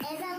Esa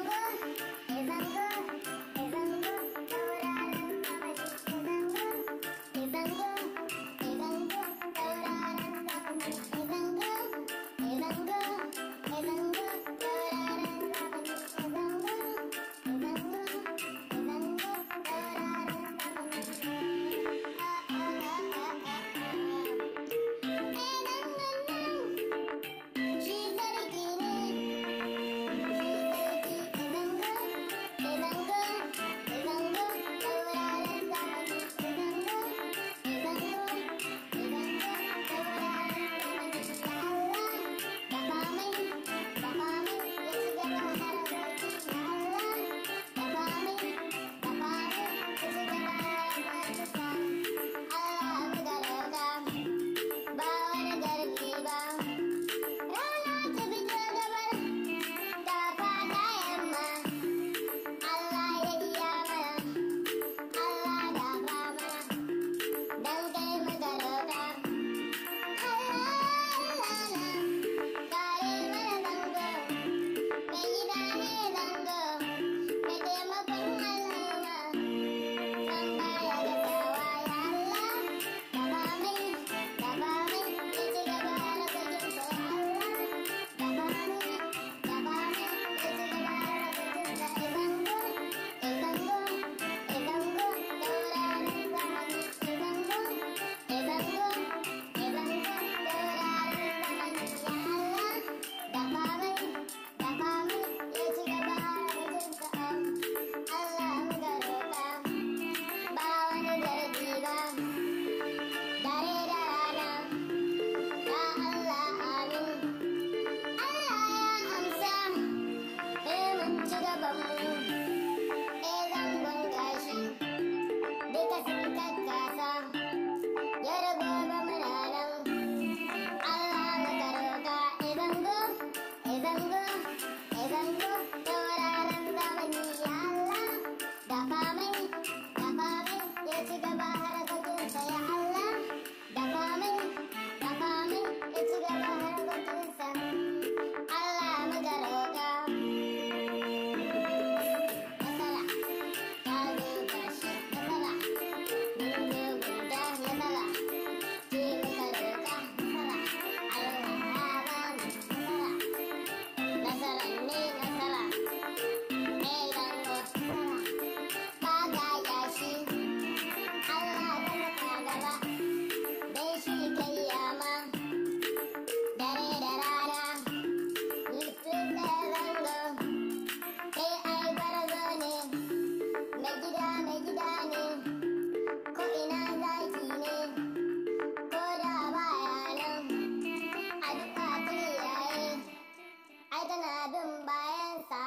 ana bin bayansa,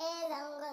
e